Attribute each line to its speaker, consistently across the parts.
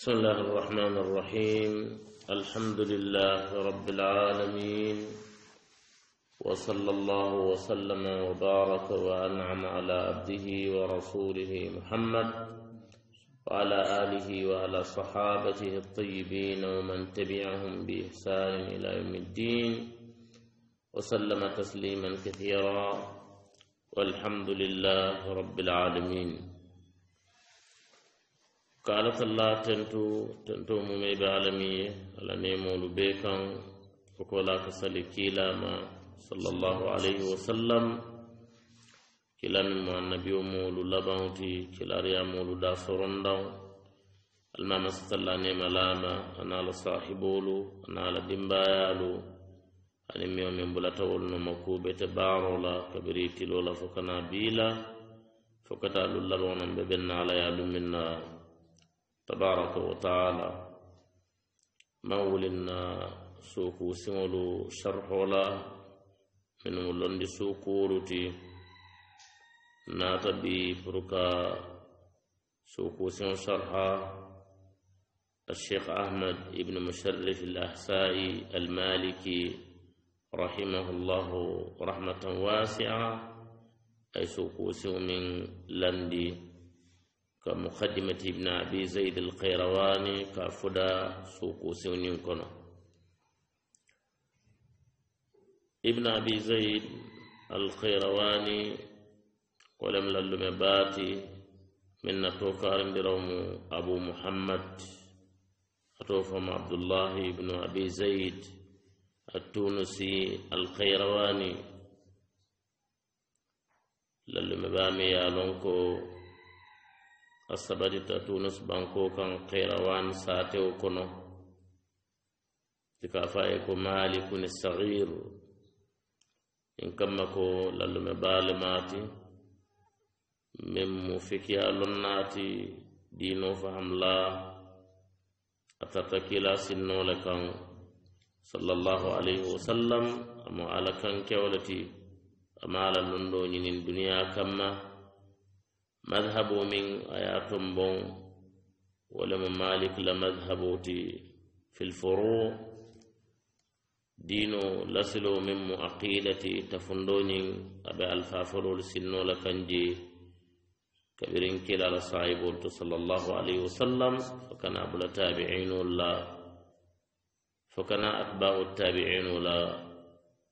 Speaker 1: بسم الله الرحمن الرحيم الحمد لله رب العالمين وصلى الله وسلم وبارك وانعم على عبده ورسوله محمد وعلى اله وعلى صحابته الطيبين ومن تبعهم باحسان الى يوم الدين وسلم تسليما كثيرا والحمد لله رب العالمين kalata la tentu tentu mume be alami ye ala nemolu be kan foko la ka sali kilama sallallahu alayhi wa sallam kilami mo annabi o molu labanti kilari ya molu da sorondan almama sutalla nema lama anala sahibolu anala dimbayalu ani mi o min bula tawol no makku be te baro la kabiri tilola fo kana bila fo kata lullalo non be benna ala ya lumminna تبارك وتعالى مولنا سوكو سمولو شرحولا من ولند سوكولتي ناتا بي فركا سوكو سمو شرحا الشيخ أحمد ابن مشرف الأحسائي المالكي رحمه الله رحمة واسعة أي سوكو من لندي كمخدمة ابن أبي زيد القيرواني كفدا سوق سونين كنا ابن أبي زيد القيرواني ولم للم باتي من نتوكار دروم أبو محمد أتوفم عبد الله بن أبي زيد التونسي القيرواني للم بامي يا لونكو a sabadita tunus banko kan kirawan satewo kono sika fa ye ko malikuni sahiru in kamma ko lallume baalemaati min mu fikiya lonnaati dino fahamla a tarta kila sinnole kan sallallahu alaihi wasallam amo ala kan kewole ti amaala londo ñinin duniya kamma مذهبو من اياتم بون ولم مالك لمذهبوتي في الفروع دينو لسلو من مؤقيلة تفندوني أبي الفافر لسنو لكنجي كبيرين كلا لصاحب صلى الله عليه وسلم فكان أبو التابعين لا فكان أتباع التابعين لا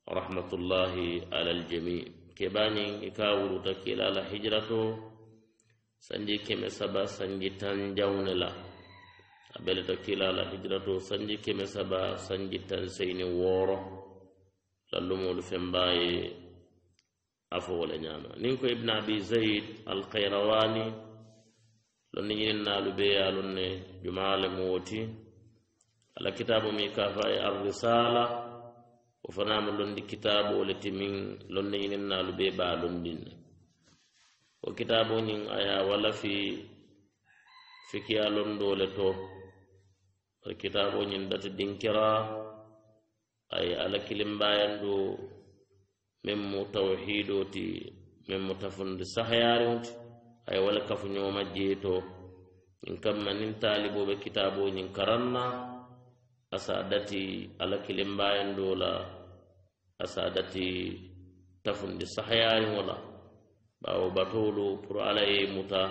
Speaker 1: رحمة الله على الجميع كباني إكاول تكيل على هجرته sanji keme saba sanji tan jawne la a beleto kilala hijrato sanji keme saba sanji tan seyni woro lallumolu fembaye afo wole ñama nin ko ibne abi zaid alkhairawani lonni ñininnalu beya lonne jumale mo woti ala kitabu mi kafa e arrisala o fanama londi kitabu o le timin lonne ñininnalu be ba londinne wo kitabo ñiŋ a ye wala fi fikiya londo le to bari kitabo ñiŋ dati dinkira a ye alla kilimbayandu meŋ mu tawhido ti meŋ mu tafundi sahayariŋo ti a ye wala kafuñooma jee to ñiŋ kamma niŋ taalibo be kitabo ñiŋ karaŋ na a sa dati alla kilimbayandoo la a sa dati tafundi sahayariŋo la ɓaawo batowolu pour ala ye muta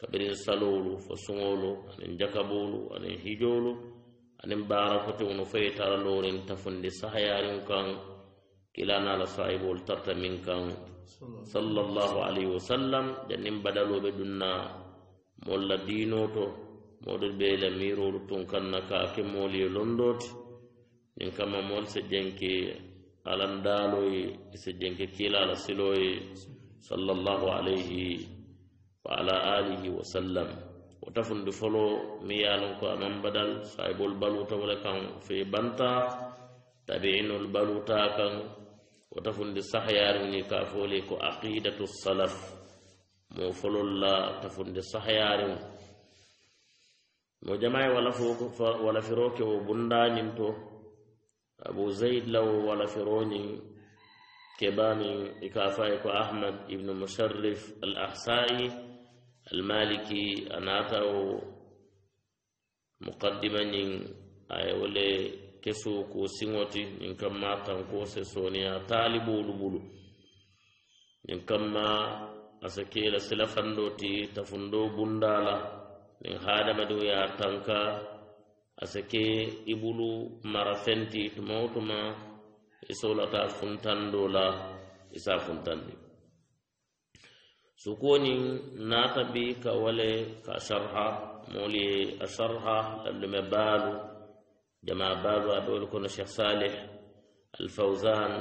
Speaker 1: kabirin salowolu fo suŋowolu aniŋ jakabowolu aniŋ hijowolu aniŋ baarakotiŋo nu fo ye tara looriŋ tafundi sahayariŋ kaŋ kilana la sahibolu tarta miŋ kaŋ salallahu alayhi wasallam janniŋ badalo be dunna moolu la diino to moolu be la miirolu tuŋ kaŋ na ka ke moolu ye londooti ñiŋ kamma moolu si jenke alandaalo ye i si jenke kiila la siloo ye صلى الله عليه وعلى آله وسلم وتفندي فلو ميالنكو أمن بدل صاحب البلوطة ولكن في بنتا تبعين البلوطة كان وتفندي صحياريني كافوليكو عقيدة السلف mo folo la tafunde sahayarimo mo jamaye walafo walafiro kewo bunda ñin to abou zeyd lawo walafiro ñin keɓami e kaafaye ko ahmad ibnu musarif al ahsai al maliki a naata o muqaddima ñin aye wole keso ko siŋoti ñin kamma tanko se soniya taaliɓolu ɓulu ñin kamma asa kela silafando ti tafundo bundala nin hadamadiŋo ye tanka asa ke i ɓulu mara fenti tumawo tuma isolata dola isa funtan ni sukoni nata bi ka wale ka sharha moli asharha sharha lallume jama baalu aɓe wol kono cheikh salih alfawsan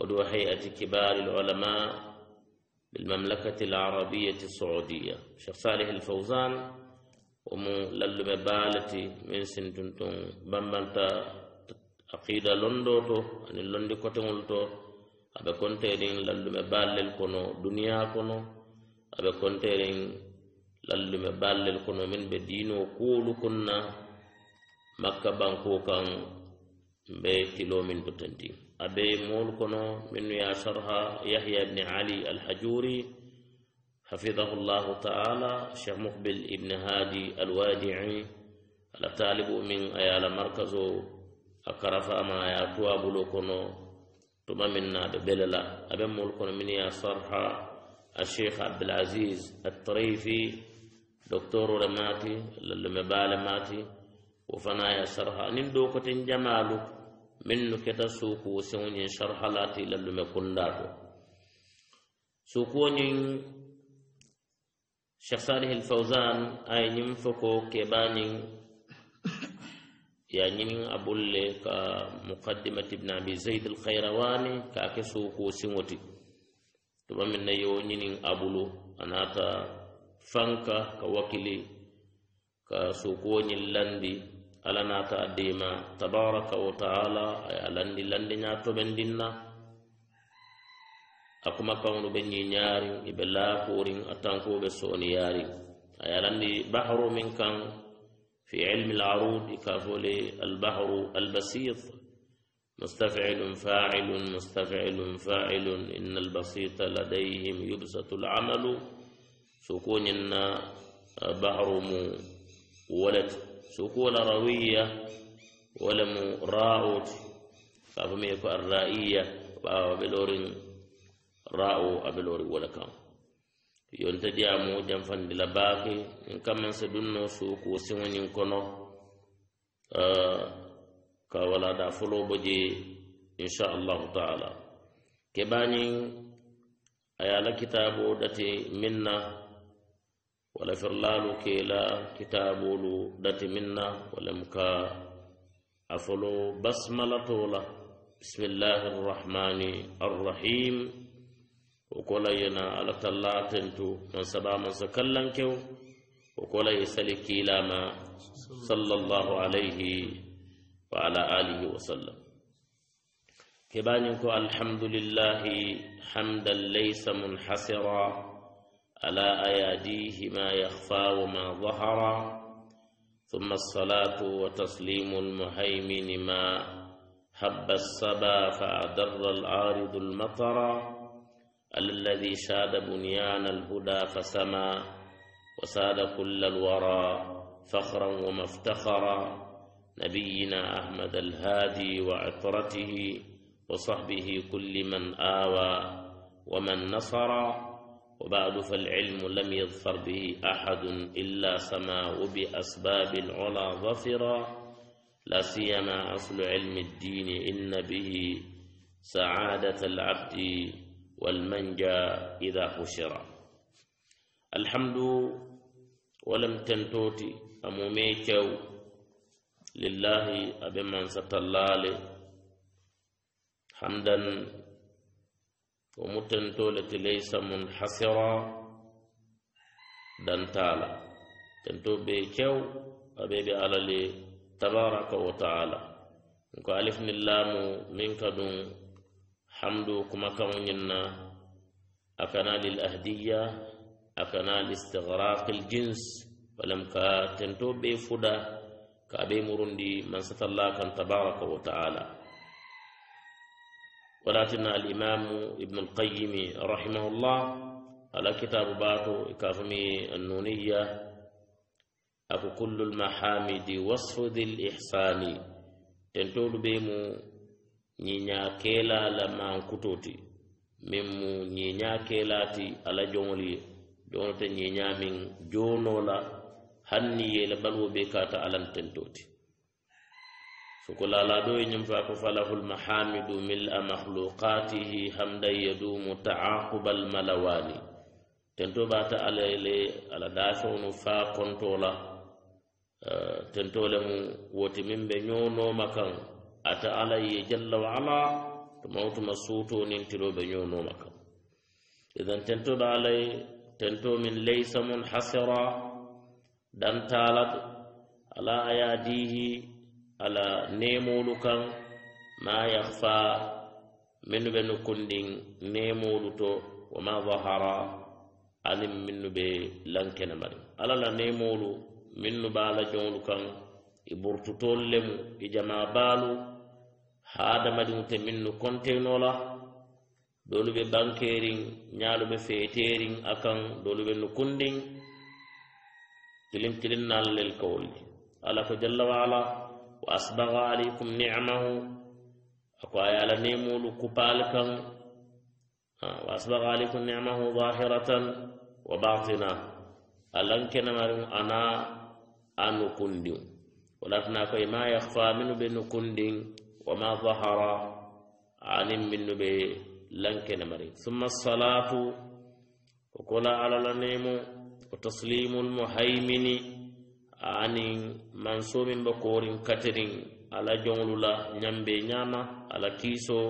Speaker 1: oɗo hayati kibari lulama بالمملكة العربية السعودية شيخ صالح الفوزان ومو للمبالتي من سنتون بمبنتا aqida londo to ani londi koteŋol to aɓe konteniŋ lallume ballel kono duniya kono aɓe konteniŋ lallume ballel kono min ɓe diino kuwolu konna makka banko kan mbe tilo min butanti aɓe moolu kono minnu ya sarha yahya bni ali alhajuri حفظه الله تعالى شيخ مقبل ابن هادي الوادعي على طالب من أيال مركزه a karafa ma ye a to a bolo kono tuma min na a bɛ bɛlɛ la y'a sarha الشيخ عبد العزيز الطريفي دكتور رماتي للمبالة ماتي وفنايا شرحة نندو كتن جمالو منو كتا سوكو سوني شرحة لاتي للمكنداتو سوكوني شيخ صالح الفوزان أي نمفكو كباني ya ñinin a bolle ka mukaddimat ibne abi zaid alkhairawani ka ke soko siŋoti tuma min na yo ñinin abulu a nata fanka ka wakili ka sokoñin landi ala nata dema tabaraka wa taala aye a landi landiña tobendin na a kuma kaŋolu be ñi ñaariŋ i be laakorin a tankoo be sooniyaariŋ aye a landi baharo min kaŋ في علم العروض كافولي البحر البسيط مستفعل فاعل مستفعل فاعل إن البسيط لديهم يبسط العمل سكون إن بحر ولد سكون روية ولم راوت فهم يكون الرائية بلور راو أبلور ولكم yonta diyamu janfandila baki n kamansa dunno suku siŋo ñiŋ kono uh, ka wala da folo bo je inshallahu taala ke bañiŋ a ye a la kitabo dati min na wala firlalu ke la kitabolu dati min na walam ka a folo basmalato la bisimillahi arrahmani arrahim وكولاي ينا على الله تو من من سكالان كيو وكولاي سالكي ما صلى الله عليه وعلى آله وسلم كبانكو الحمد لله حمدا ليس منحسرا على أياديه ما يخفى وما ظهر ثم الصلاة وتسليم المهيمن ما حب السبا فأدر العارض المطرا الذي ساد بنيان الهدى فسما وساد كل الورى فخرا ومفتخرا نبينا أحمد الهادي وعطرته وصحبه كل من آوى ومن نصر وبعد فالعلم لم يظفر به أحد إلا سما وبأسباب العلا ظفرا لا سيما أصل علم الدين إن به سعادة العبد والمنجا إذا حشر الحمد ولم تنتوتي أموميكو لله أبي من ستلال حمدا ومتنتولة ليس منحصرا دنتالا تنتو بيكو أبي بألالي تبارك وتعالى نكو ألف من اللام منك دون حمدو كما كونينا أكنا للأهدية أكنا لاستغراق الجنس ولم كاتنتو بفدا كابي مرندي من ست الله كان تبارك وتعالى ولكن الإمام ابن القيم رحمه الله على كتاب باتو كافمي النونية أكو كل المحامد وصف ذي الإحسان تنتول بيمو ñiña kela la mankuto ti min mu ñiña kela ti ala joŋol ye joŋol te ñiña min jono la han ni ye la baluwo be kata alantento ti sokolaladoo ye ñim fa ko falahu lmahamidu mila makhluqatihi hamdan yadumu taakuba almalawani tento bata ala le ala dafewnu fa kontola eh, tento le mu woti min be ñoo noma kaŋ ata alaye jalla waala to mawtuma suuto nin tiroɓe ñonoma kam ihan tentoɗo alaye tento min laysa mun hasira dantalat ala ayadihi ala nemolu kan ma yahfa minnu ɓe nokkundin nemolu to wama dahara anin minnu ɓe lankene mari ala la nemolu minnu baala jonlu kan i burtutol lemu i jama baalu hadamadinte minnu kontenola dolu be bankerin ñalu be feterin akan dolu be nukundin tilintilin nallel kawolli ala ko jalla waala wa asbaga alaykum nicmahu ako ayala nemolu kupal kan wa asbaga alaykum nicmahu zahiratan wa batina alankenamarin ana a nukundin walatana ko ima yahfa minu be nukundin وما ظهر عن من نبي لنكن مري ثم الصلاة وكل على النيم وتسليم المهيمن عن منصوم بكور كتر على جمل لا ينبي نعمة على كيسو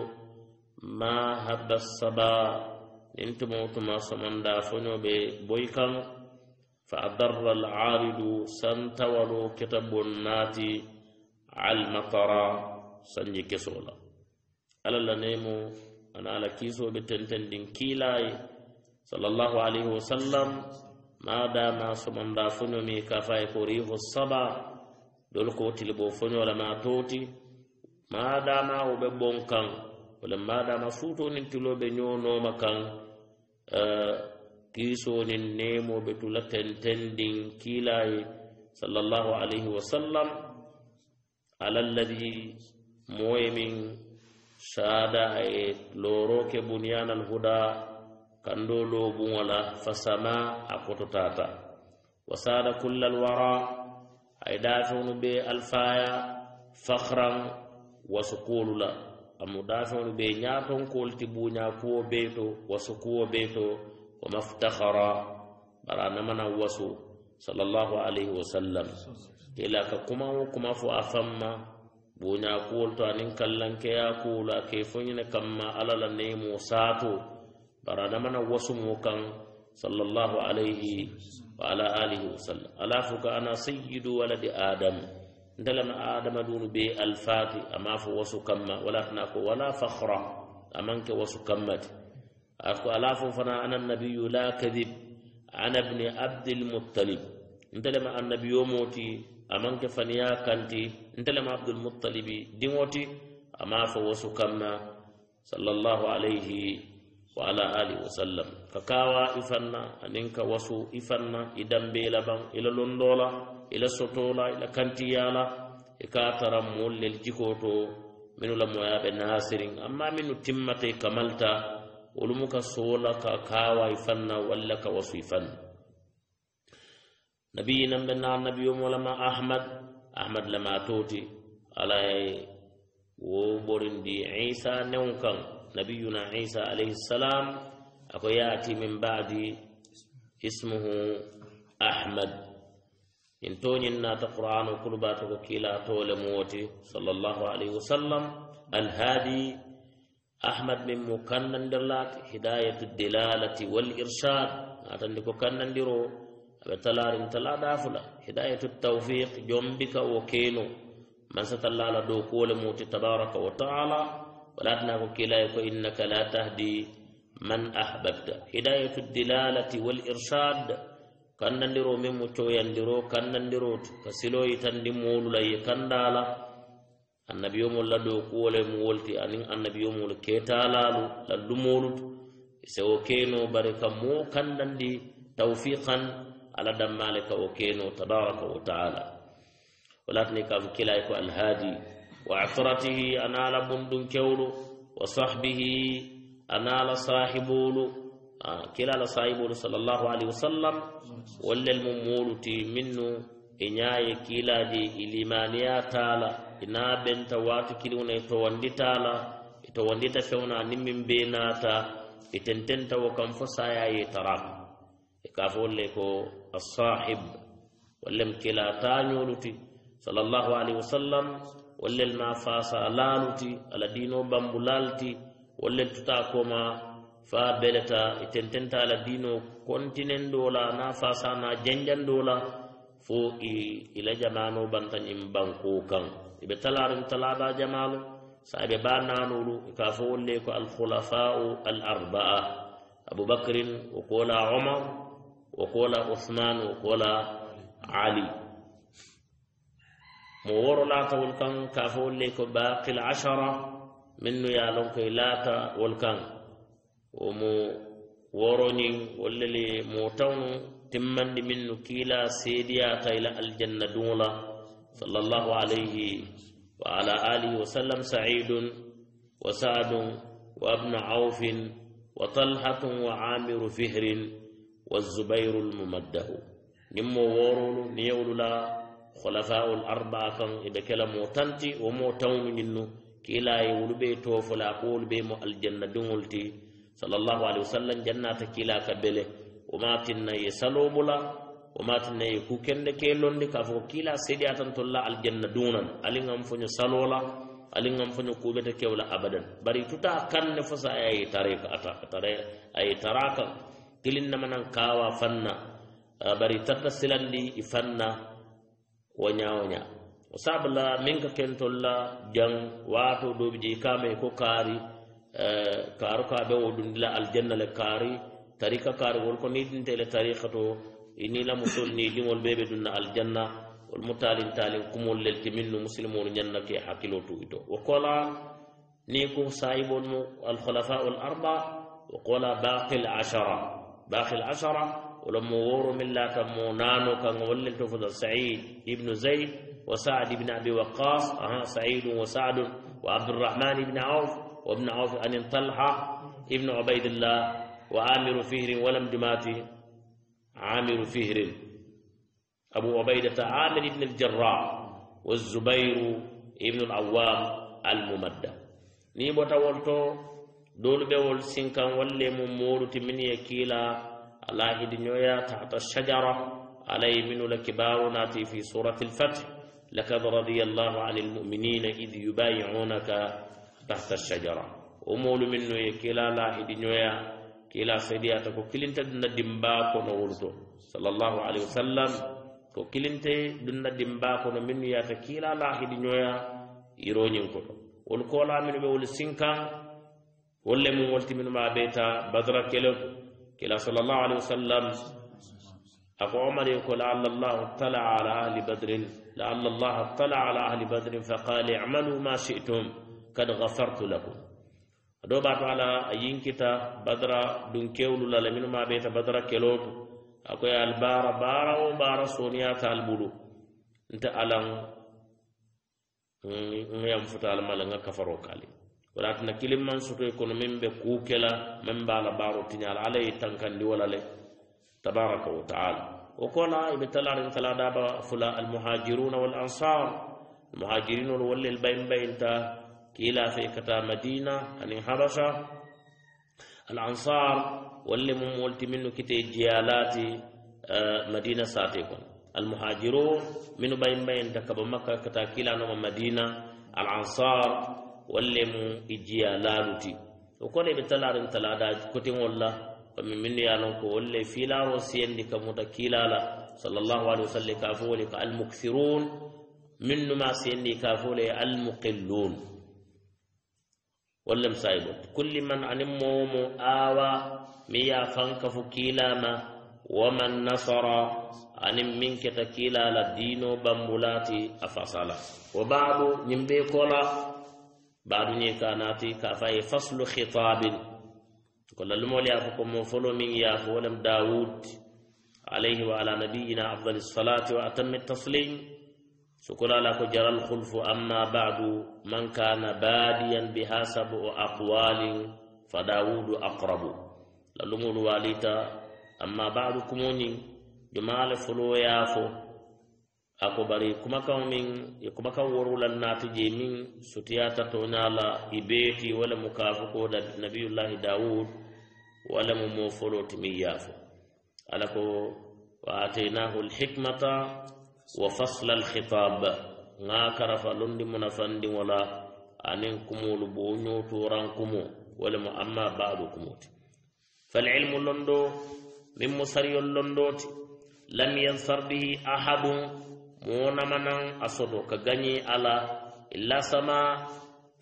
Speaker 1: ما هب الصبا انتموت ما صمن دافنو ببويكان فأضر العارض سنتولو كتب الناتي على المطران sanji kesola ala la nemo ana ala kisoɓe tentendin kiilay sallallahu alayhi wa sallam madama somanda foñomi kafaye ko riho saba dol ko tili bo foñola ma toti madama woɓe ɓon kan wala madama suutonin tiloɓe ñonoma kan uh, eh, kisonin nemoɓe tula tentendin kiilay sallallahu alayhi wa sallam alalladi moye min saada aye looroke buniyanal huda kando loobuŋola fasama a kototaata wa saada kullal wara aye daafeŋolu be alfaya fahran wasukuolu la amu daafeŋolu be ñaatonkuolu ti buuñakuwo bee to wasukuwo bee to wa maftahara bara namana wasu sallallahu alayhi wa sallam kela ka kumaŋo kuma fo a famma buñakuwol to aniŋ kallankeya kuwolu a ke fo ñine kamma alla la neyimo saato bara adamana wasumo kaŋ sallallahu alayhi wa ala alihi wasallam ala fo ko ana sayyidu waladi adam ntelema adamadunu be alfati ama fo wasu kamma wala tana ko wala fahra amanke wasu kammati ako ala fo fana ana nabiyu la kadib ana bni abdilmuttalib ntelema annabiyo moti aman ke faniya kanti ntelema abdulmutalibi diŋoti ama fo wosu kamma sallallahu alayhi wa ala ali wasallam ka kawa ifanna anin ka wasu ifanna i dambela ban ila londola ila sotola ila kantiyala i ka tara mol lel jikoto minu la moyaɓe nasirin amma minu timmata kamalta wolumu ka sola ka kawa ifanna walla ka wasu ifanna نبي نمبنا نبي مولما أحمد أحمد لما توتي على وبرن دي عيسى نونكم نبينا عيسى عليه السلام أكو يأتي من بعد اسمه أحمد إن توني النات القرآن وكرباتك كيلا طول موتي صلى الله عليه وسلم الهادي أحمد من مكنن درلات هداية الدلالة والإرشاد أتنكو كنن درو aɓe talarin tala dafula hidayatu tawfiq jombika wo keno mansatallala dow kole muti tabaraka wa taala walatna ko kilay ko innaka la tahdi man ahbabta hidayatu dilalati wal irsad kannandiro min mu coyandiro kannandiroti ka siloyi tandi molulaye kandala annabiyomol la ɗo kuwole mu wolti anin annabiyomol ketalalu lallu molutu e sewo keno bare kam mo kandandi tawfiqan ala dammale kawo keno tabaraka wa taala o latini kafo kilay ko alhaadi wa asratihi anaala bundum kewlo wa sahbihi anaala sahibolo kilala sahibolo salllahu alayhi wa sallam wallel mum moluti minnu e ñaye kiilaji e limaniya taala ina benta watu kiliuna e towandi taala e, e towandita e fewna nimmin be naata e tententawo kam fo sayaye tarama e kafol le ko asahib wallem kela tañoluti salllahu alayhi wa sallam wallel ma fasa laluti ala dino bambu lalti wallel tuta koma fa beleta e tententa ala dino continen dola na fasa na jenjan dola fo ila jamano bantañim banko kan eɓe talarum talaɗa jamalo sa ɓe ba nanolu e kafo wolle ko alkhulafau al arbaa aboubacrin o kola omar وقولا عثمان وقولا علي مور لا تولكن كافو لك باقي العشرة منو يا لونك لا تولكن ومو وروني واللي موتون تمن منو كيلا سيديا تيلا الجنة دولا صلى الله عليه وعلى آله وسلم سعيد وسعد وابن عوف وطلحة وعامر فهر والزبير الممده نمو وورول نيولو لا خلفاء الأربعة كان إذا كلام تنتي ومو ننو كلا يولو بي توفلا قول بي مو الجنة دمولتي صلى الله عليه وسلم جنة كلا كبله وما تنا يسلو بلا وما تنا يكو كيلون دي كافو كلا سيدياتا تولا الجنة دونا ألين أنفنو سلولا alin an fanya kobe كيولا kyau بري bari كان kan nufasa a yi tare ka a tare kilin namanan kawa fanna bari tarta silandi ifanna wanya woña woña minka sabla min kentolla jan wato dobi je kame ko kaari kaaro ka ɓe woɗundila aljanna le kaari tarika kaari wol ko nidintele tarika to inila musol ni ɗiŋol ɓe ɓe dunna aljanna wol mo talin talin kumol lelti min nu musilimolu ñanna ke hakkilo tuwi to wo kola ni ko sayibol mo alkhulafa ul arba wo kola ashara باقي العشرة ولما وروا من لا تمونانو كان ولل تفضل سعيد ابن زيد وسعد بن أبي وقاص أه سعيد وسعد وعبد الرحمن بن عوف وابن عوف أن طلحة ابن عبيد الله وعامر فهر ولم جماتي عامر فهر أبو عبيدة عامر بن الجراح والزبير ابن العوام الممدد نيبو bota دول بول سينكا ولي ممور تمن كيلا الله هدنيا تحت الشجرة علي من الكبار ناتي في سورة الفتح لقد رضي الله عن المؤمنين إذ يبايعونك تحت الشجرة ومول منو يكيلا لا كيلا سيدي أتكو وكلنت دنا دمباكو نورتو صلى الله عليه وسلم وكلنت دنا دمباكو منو ياتا تكيلا لا هدنيا يروني كتو والكولا من بول سينكا ولم ولتي من ما بيتا بدر كلو كلا صلى الله عليه وسلم أبو عمر يقول لعل الله اطلع على أهل بدر لعل الله اطلع على أهل بدر فقال اعملوا ما شئتم قد غفرت لكم دو بعد على أين كتا بدر دون كيول لا من ما بيتا بدر كلو أكو يا البار بارا وبارا سونيا تالبولو أنت ألم يمفت على ملنا كفروا كالي wala tana kilim man soto kono min be kukela man ba la baro tinyal alay tankandi wala le tabaraka wa taala o kola ibe talarin kala daba fula al muhajiruna wal ansar المهاجرين واللي البين بين تا كيلا في كتا مدينة أن حبشة الأنصار واللي ممولت منه كتي جيالات مدينة ساتيكم المهاجرون من بين بين تا كبا مكة كتا كيلا نوم مدينة الأنصار walle mu i jiya laaluti o kono ɓe talarin talada kotiŋol la komi min ye lon ko walle filaro siyendi ka muta kiilala sallallahu alaihi wasallam ka fo wole ka almukthirun min numa siyendi ka fo le almuqillun wallem sayibot kulli man anin mowomo awa mi ya fanka fo kiilama waman nasara anin min keta kiilala diino bambulati a fasala wo baadu ñimɓe kola بعد بعدني كاناتي كافاي فصل خطاب كل المول يافكم مفلو من ياف ولم داود عليه وعلى نبينا أفضل الصلاة وأتم التسليم شكرا لك جرى الخلف أما بعد من كان باديا بحسب أقوال فداود أقرب للمول واليتا أما بعد كموني جمال فلو يافو a ko bari kumakaŋo miŋ i kumakaŋ woru la naati jee miŋ sutiyaata tooňaa la i beeti wo lemu kaafo ko nabiyullahi daawud wo lemu moo foloo ti miŋ yaafo ala ko wa ataynahu alhikmata wa fasla alkhitab ŋa karafa londi muna fandiŋ wo la aniŋ kumoolu booňoo tuuraŋ kumo wo lemu amma baadu kumo ti falilmu londoo miŋ musariyol londoo ti lam yansar bihi ahadun moonamanaŋ a soto ka gañi ala illa sama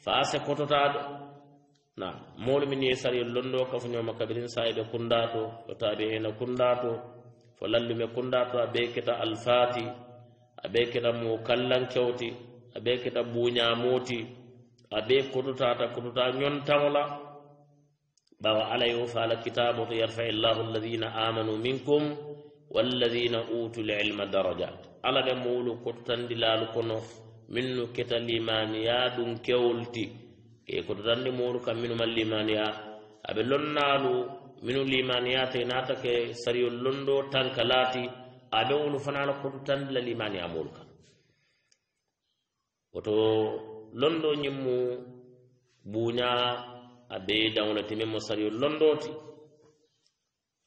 Speaker 1: faase kototaaɗo na moolu min ye sariyol londo kafuñooma kabirin sayibe kundaato o taabiina kundaato fo lallume kundaato a bee keta alfaati a bee keta moo kallankewti a bee keta buuñaamooti a bee kototaata kototaa ñontaŋo la ɓawa ala yo faala kitaabo to yarfa illahu alladina amanu minkum walladina utu lilma darajat ala de mo wolu kottandilaalu kono minnu keta limaniya ɗum kewol ti e koto tandi mowolu kam minuma limaniya aɓe lonnaalu minu limaniya te naata ke sariyol londo tanka laati aɓe wolu fanala kotu tandila limaniya mowolu kam woto londo ñimmu buuña a ɓe dawnati min mo sariyol londo ti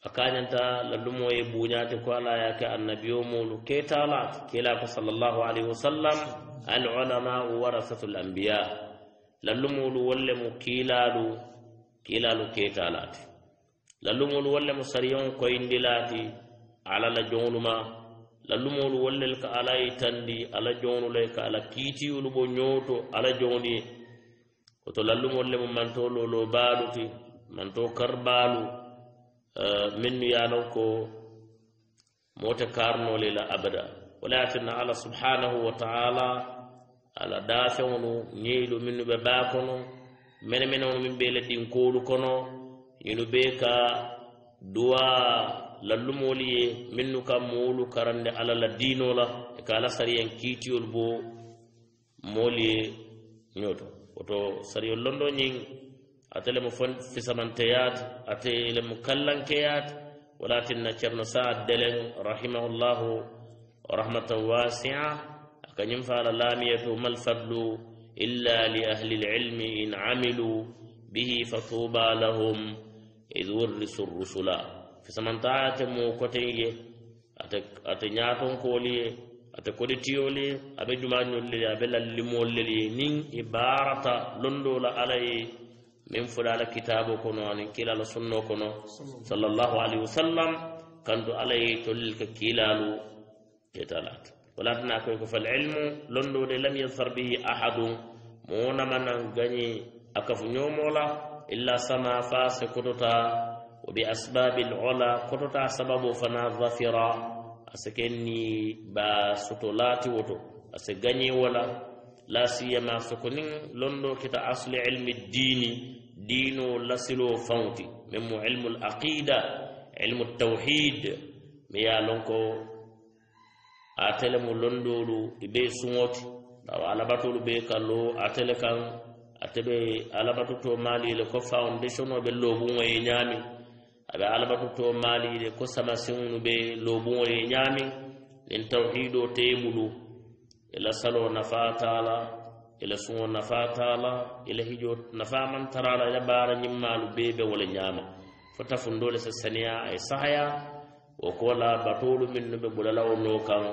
Speaker 1: a kañanta lallumo ye buñaate ko ala yake annabio molu keetaalaat kela ko salallahu alayhi wa sallam alulamau warasatul ambiya lallumolu wolle mo kiilaalu kiilaalu keetaalaati lallumolu wolle mo sariyon koyindilaati ala la joŋoluma lallumolu wollel ka ala ye tandi ala joŋolule ka ala kiitiyolu bo ñooto ala joŋoni ye woto lallumolle mo mantoololo baaluti manto karbaalu Eh, minnu ye lon ko moote karnole la abada wala yatinna ala subhanahu wa taala ala daafeŋolu ñeyilu minnu be baa kono mene menewolu min be la dinkoolu kono ñinu be ka duwa lallumoolu ye minnu ka moolu karande ala la diino la e ka ala sariyan kiitiyolu bo moolu ye ñoto woto sariyol londo ñiŋ ate lemu fon fisamanteyat ate lemu kallankeyat walatinna ceerno saad delen rahimahullahu rahmatan wasia akañum faala laamiyatu ma lfadlu illa li ahli lilmi in amilu bihi fatuba lahum id wurrisu rusula fisamantayate mu koteye ate ate ñatonkooli ye ate koditiyolu ye abe jumañollu ye abe lallimollu ye nin i baarata londo la ala ye min fuɗa ala kitabu kono anin kila ala sunno kono sallallahu alayhi wa sallam kandu alaye tolil ka kilalu ketalat walantana koy ko fal ilmu londode lam yadhar bihi ahadun monamanan gañi akafu ñomola illa sama fase kotota wa bi asbabi lola kotota sababu fana dhafira asa kenni ba sutolati woto asa gañi wala la siyama soko nin londo kita asli ilmi dini dino lasilo fawti min mo ilmu alaqida ilmu tawhid mi ya lonko atele mo londolu ibe sumoti bawa alabatolu be kallo atele kan atebe alabatu to mali le ko foundation be lobu ngoy nyami abe alabatu to mali le ko sama sinu be lobu ngoy nyami en tawhido tebulu ila salo nafa taala ila suŋo nafa taala ila hijo nafa man tarala ila baara ñimmaalu bee be wala ñaama fo tafundoo le sa saniya a ye sahaya wo ko la batoolu minnu be bulalawo noo kaŋ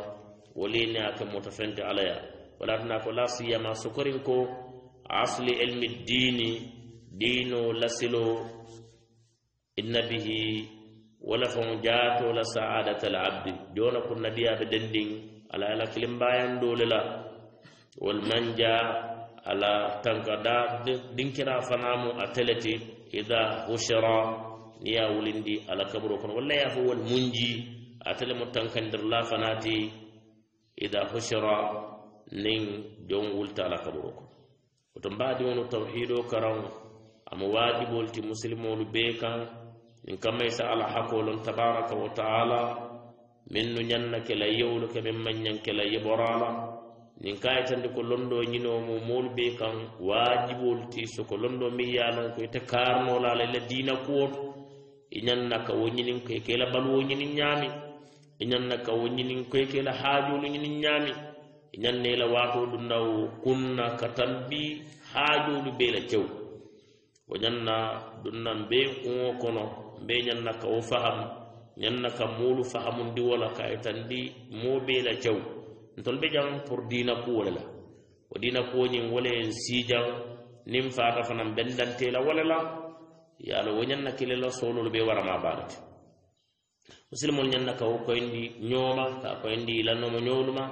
Speaker 1: wolu ne a ke muta fenti ala ya walaatana ko la siyama sukoriŋ ko asli ilmi diini diino lasilo inna bihi wala faŋo jaatoo la saadatal abdi joona ko nabiya be dendiŋ ala ala kilimbayan dole la wal manja ala tanka da dinkira fanamu atelati idha hushara niya wulindi ala kaburu kono wala ya huwa munji atele mo tankandir la fanati idha hushara ning jon wulta ala kaburu kono oto mbadi wono tawhido karan ama wajibol ti muslimolu be kan in kammaysa ala tabaraka wa taala min nu ñanna kela yewlu ke min maññaŋ kela yeɓorala nin kaye tandi ko londo ñinomo moolu ɓe kan waajiɓolu ti soko londo min yalon koyte karnolala ila dina kuwoto i ñanna ka wo ñinin koye ke la baluwo ñinin ñaami i ñanna ka wo ñinin koye ke la haajolu ñinin ñaami i ñanna ila waato du naw kunna ka tan bi haajolu ɓe la cew wo ñanna dunnan ɓe kuŋo kono ɓe ñanna ka wo faham ñanna ka moolu fahamundi wo la ka itandi moo bee la cew ntolu be jaŋ pour diina kuwo le la wo diina kuwo ñiŋ wo le ye siijaŋ niŋ faata fanaŋ bendantee la wo le la ye a lo wo ñanna kili la soololu bee warama baana ti musilimolu ñanna ka wo koyindi ñoo ma ka koyindi i la nomoñoolu ma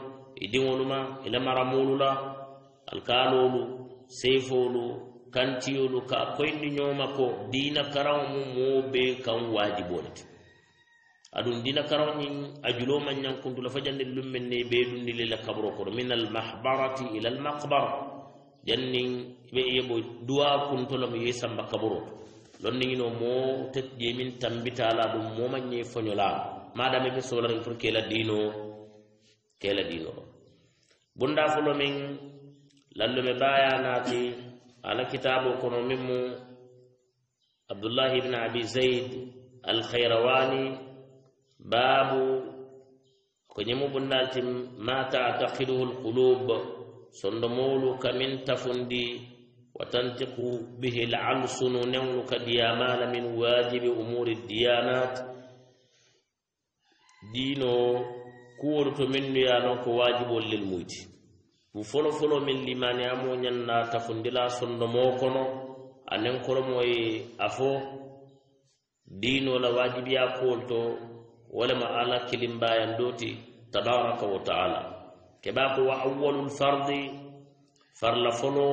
Speaker 1: i diŋolu ma i la maramoolu la alkaaloolu seifoolu kantiyoolu ka koyindi ñoo ma ko diina karaŋo mu moo bee kaŋ waajiboo le ti aɗum dina karaoin a juloman ñankuntula fa jandel lummen ne ɓe ɗundilila kabro koro min almahbarati ila almahbara jannin ɓe yeɓo duwa kuntola mo ye samba kabro lonniino mo tet jemin tambitala ɗum momanñe foñola madame ɓe solarin pour kela dino kela dino ɗo bunda fulo min lallume baya naati ala kitabo kono min mo abdoullahi ibne abi zayd alhayrawani baabu ko ñemu bunnaalti ma taatakiduhu lqulub sondomowolu kamin tafundi wa tantiku bihi lalsunu newlu ka diyamala min wajibi umuri diyanat diino kuwolu to minnuyano ko wajibol lel muyti bu folofolo min limani amuñanna tafundila sondomo kono anen koromoye afo
Speaker 2: diinola wajibiya kuwol to
Speaker 1: walama ala kilimbayandoti tabaraka wa taala keɓa ko wa awalul fardi farla folo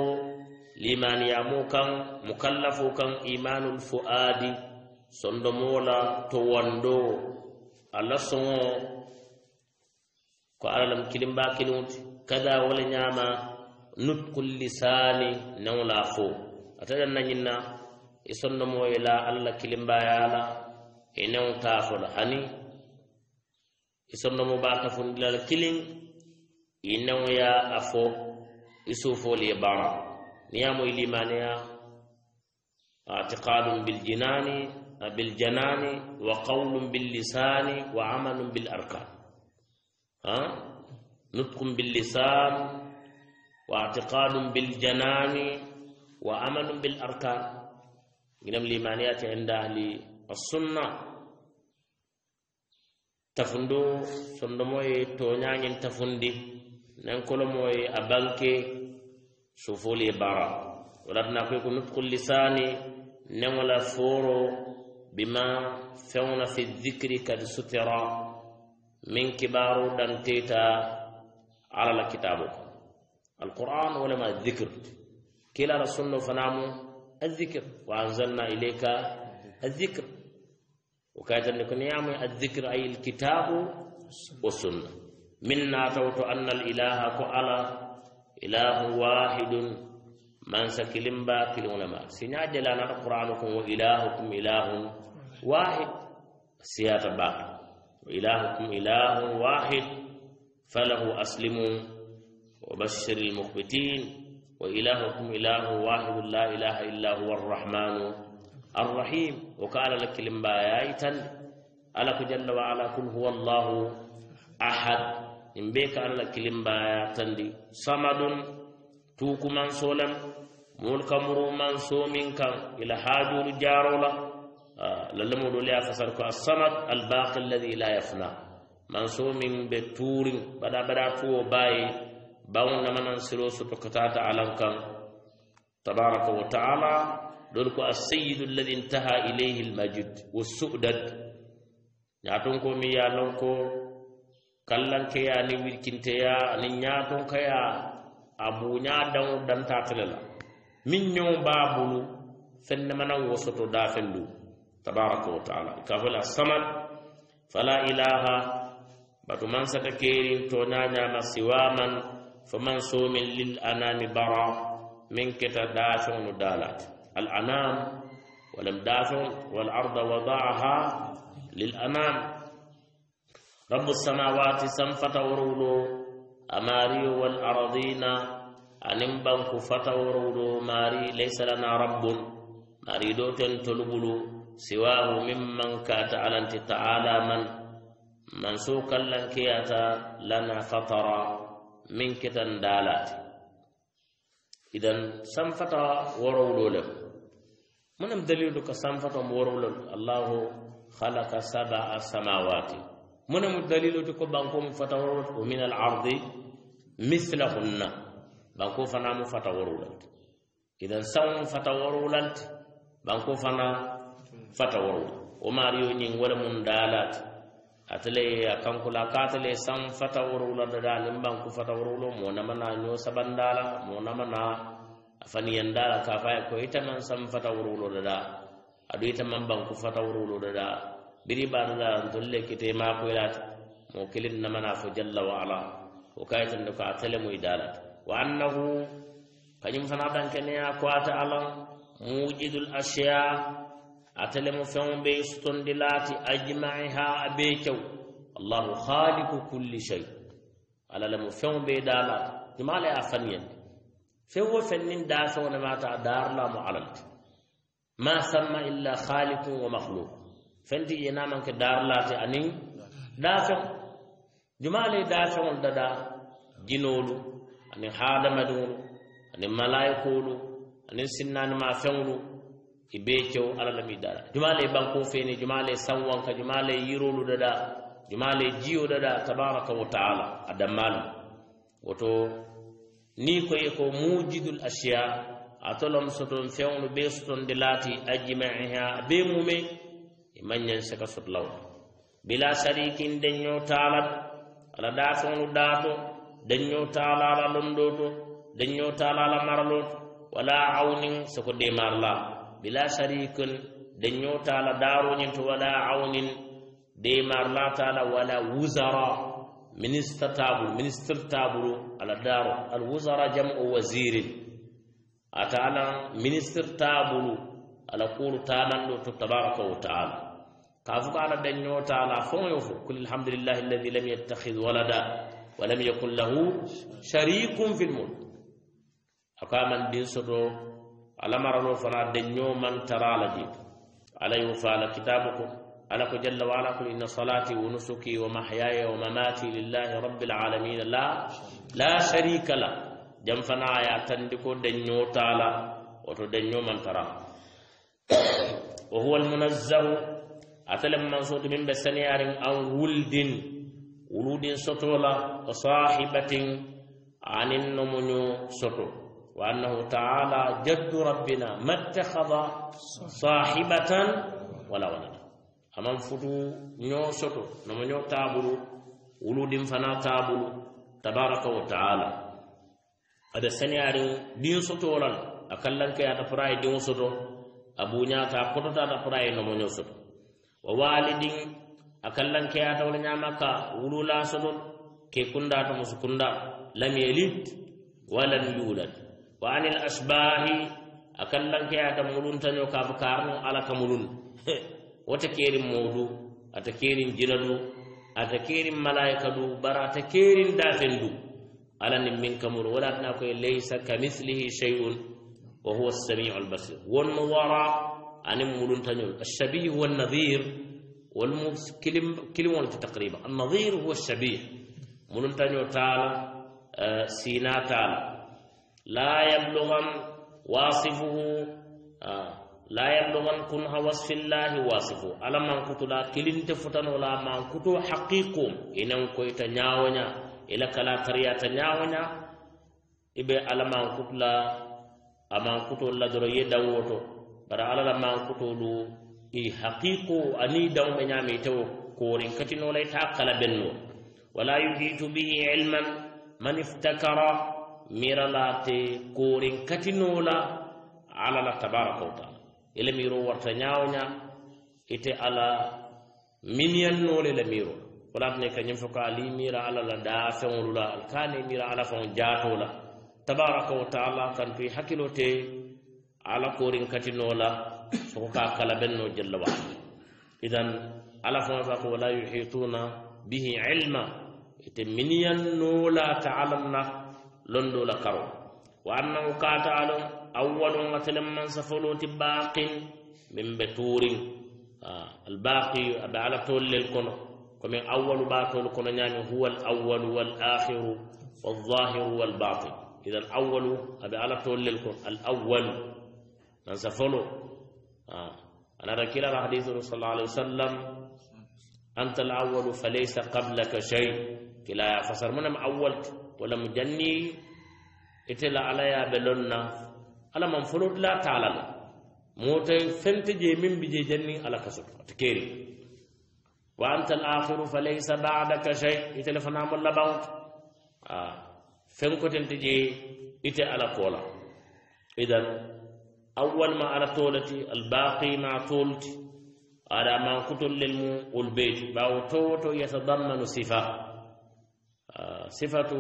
Speaker 1: limaniyamo kan mukallafo kan imanul fuadi sondomola to wando alla songo ko alalam kilimba kiliuti kada wala ñama nutkul lisani nawla fo atadan nañinna e sondomo e la allah kilimbayala e newtafola hani يسمى ba kafundilal kiliŋ i naŋoya a fo i suufolu ye baŋa niŋ ye اعتقاد بالجنان بالجنان وقول باللسان وعمل بالأركان ها نطق باللسان واعتقاد بالجنان وعمل بالأركان من الإيمانيات عند أهل السنة tafundu sondomo ye toñañin tafundi nan kolomo ye a banke sufol bara walatana koy ko nutku lisani neŋola foro bima fauna fi dhikri kad sutira min kibaru danteta ala la kitabu ko alquran walama dikr kilala sunno fanamu الذكر وأنزلنا إليك الذكر وكاتل كن يعمل الذكر أي الكتاب والسنة منا توت أن الإله كعلا إله واحد من سكلم باكلون ما سنعجل لنا قرآنكم وإلهكم إله واحد سيادة باكر وإلهكم إله واحد فله أسلموا وبشر المخبتين وإلهكم إله واحد لا إله إلا هو الرحمن الرحيم وقال لك لما يايتن ألك جل وعلا كل هو الله أحد إن بيك على لك لما يايتن صمد توك من سولم ملك مرو من سومنك إلى حاجو جارولا آه للمود لها فسرك الصمد الباقي الذي لا يفنى من سومن بتور بدا بدا فو باي باون من سلو سبكتات علمك تبارك وتعالى Dole ko assayidu alladi intaha ilayhi almajid wasudad ñaton ko mi ya lon ko kallankeya ani wirkinteya ya abu nya dan dan ta la min yau ba bulu fenne manaŋ da fen du tabaraka wa taala ka fala samad fala ilaha batu man sata na nya siwa man fa man somin lil anami bara min keta dafeŋo nu الأنام ولم داثر والأرض وضعها للأنام رب السماوات سنفة ورولو أماري والأرضين أنم بنك فتورولو ماري ليس لنا رب ماري دوتن تلبلو سواه ممن كات على انت تعالى من من سوكا لنكياتا لنا فطر من كتن دالات إذا سنفة ورولو لهم manam dalilu ka sanfato worolol allahu halaka sabaa samawati manam dalilutu ko bankomu fata worolol o min alardi mislahunna banko fana mu fata worolante idan sawmu fata worolante banko fana fata worol wo mario ñing wala mun dalate atale a kankula katale san fata worolante dalin banko fata worolo mo namana ño sabandala mo namana afani yandala kafaya ko ita man sam fata wurulo dada adu ita man ban ku fata wurulo dada biri ba da dolle kite ma ko lat mo kilin na mana fo jalla wa ala ko kaytan da ka tale mu idala wa annahu kanyum sana dan kenya ko ata ala mujidul asya atele mo feŋo be ston dilati ajmaiha a chaw allah khaliqu kulli shay ala lam mo feŋo be dala laati afaniyan a fewo fennin daafeŋo le maata a daarula mu alla le ti ma samma illa khaaliqun wa makhluq feŋ ti jee naamaŋ ke daarulaate aniŋ daafeŋo jumaa le daafeŋolu dadaa jinoolu aniŋ haadamadiŋolu aniŋ malaayikoolu aniŋ sinnaanimaa feŋolu i bee kewo alla le mi dada jumaa le bankoo feene jumaa le sanwanka jumaa le yiroolu dadaa jumaa le jiyo dadaa tabaraka wa taala a danmaalu woto ni koye ko mujidul asiya a tolon soton fewnu be soton de laati a jimaiha be mume e mañen saka sot law bila sarikin deño taalat ala daafonu daato deño taalaala londo to deño taalaala maralo to wala awnin soko demarla bila sarikin deño taala daaroñin to wala awnin demarla taala wala wusara minister taabulu minister taabulu ala daaro alwusara jamu wasirin ata ala ministre taabulu ala kuulu taalanɗo to tabaraka wa taala ka fo ko ala ɗañño taala foŋo yo fo alhamdulillahi alladi lam yattahid walada wa lam yakun lahu sharikum fi lmulk ako aman ɗin soto alamarano fana ɗañño man tara ala je ala yo fa على جل وعلا قل إن صلاتي ونسكي ومحياي ومماتي لله رب العالمين لا لا شريك له جنفنا يا تندكو دنيو تعالى وتدنيو من ترى وهو المنزه أتلم من صوت من بسنيار أو ولد ولود سطولا وصاحبة عن النمو سطو وأنه تعالى جد ربنا ما اتخذ صاحبة ولا ولد aman futu ñoo soto noma ñoo taabulu wulu din fana taabulu tabaraka wa taala ada seniyari din sotolan a kallanke ata furayi din soto a buñata kotota ata furayi noma ñoo soto wa walidin a kallanke ata wala ñama ka wulu la sotol ke kunda ta musu kunda lam yalid wa lam yulad wa anil ashbahi a kallanke ata mulun tanyo ka bukarnu ala ka mulun wata kerin modu ata kerin jila du ata kerin malaika du bara ata kerin dafen du ala nin min kamuru wala tana koye laysa kamithlihi shey'un wa huwa assamiu albasir wonmo wara anin muluntañol alshabih huwa alnadir walmu kilimol ti taqriba alnadir huwa alshabih muluntaño taala sina taala la yablugan wasifuhu la yallogan kun hawasfillahi wasifu ala mankutula kilinte futanola mankuto haqiqum inan koyta ñawoña ila kala tariyata ñawoña
Speaker 2: ibe ala mankutula
Speaker 1: a mankutolla doro ye dawoto bara ala la mankutolu i haqiqu ani dawɓe ñami tewo korin katinolay ta kala benno wala yuhitu bihi ilman man iftakara miralate korin katinola ala la tabaraka wa taala ilamiro warta ñawo ña ite ala miniyannole lamiro walatne kañum foka ali mira ala la dafeŋolula alkane mira ala faŋo jatola tabaraka wa taala kantu i hakkilo te ala korin katinola foko ka kalabenno jalla wa ala idan ala faŋo faka wala yuhituna bihi ilma ite miniyannola ta alam na londola karo wa annaŋo kata alon أول مثلا من سفلوت باق من بتور آه، الباقي على طول الكون كم أول باطل كنا يعني هو الأول والآخر والظاهر والباطن إذا الأول أبي على طول الكون الأول من سفلو آه، أنا ركيل على حديث صلى الله عليه وسلم أنت الأول فليس قبلك شيء كلا يا فسر من أول ولم جني إتلا عليا بلنا ala man folo la taala la mote fente je min bi je janni ala kaso to keri wa anta al-akhir fa laysa ba'daka shay itele fana mo labaw a fen ko tente je ite ala kola idan awwal ma ala tolati al-baqi ma tolati على ما قتل والبيت باوتوتو يتضمن صفة آه صفة